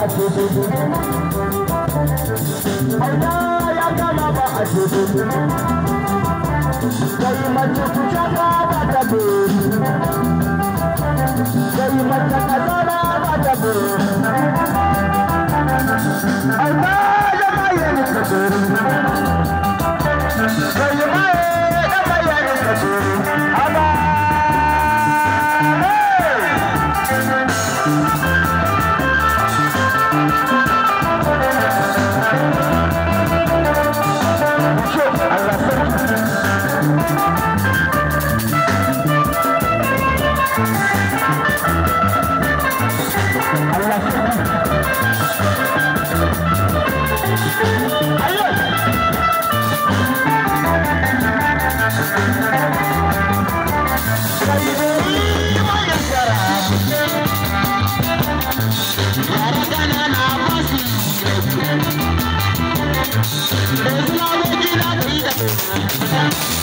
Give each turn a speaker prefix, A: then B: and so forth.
A: I'm not shaka ba ta beri Dai mace ka Yeah.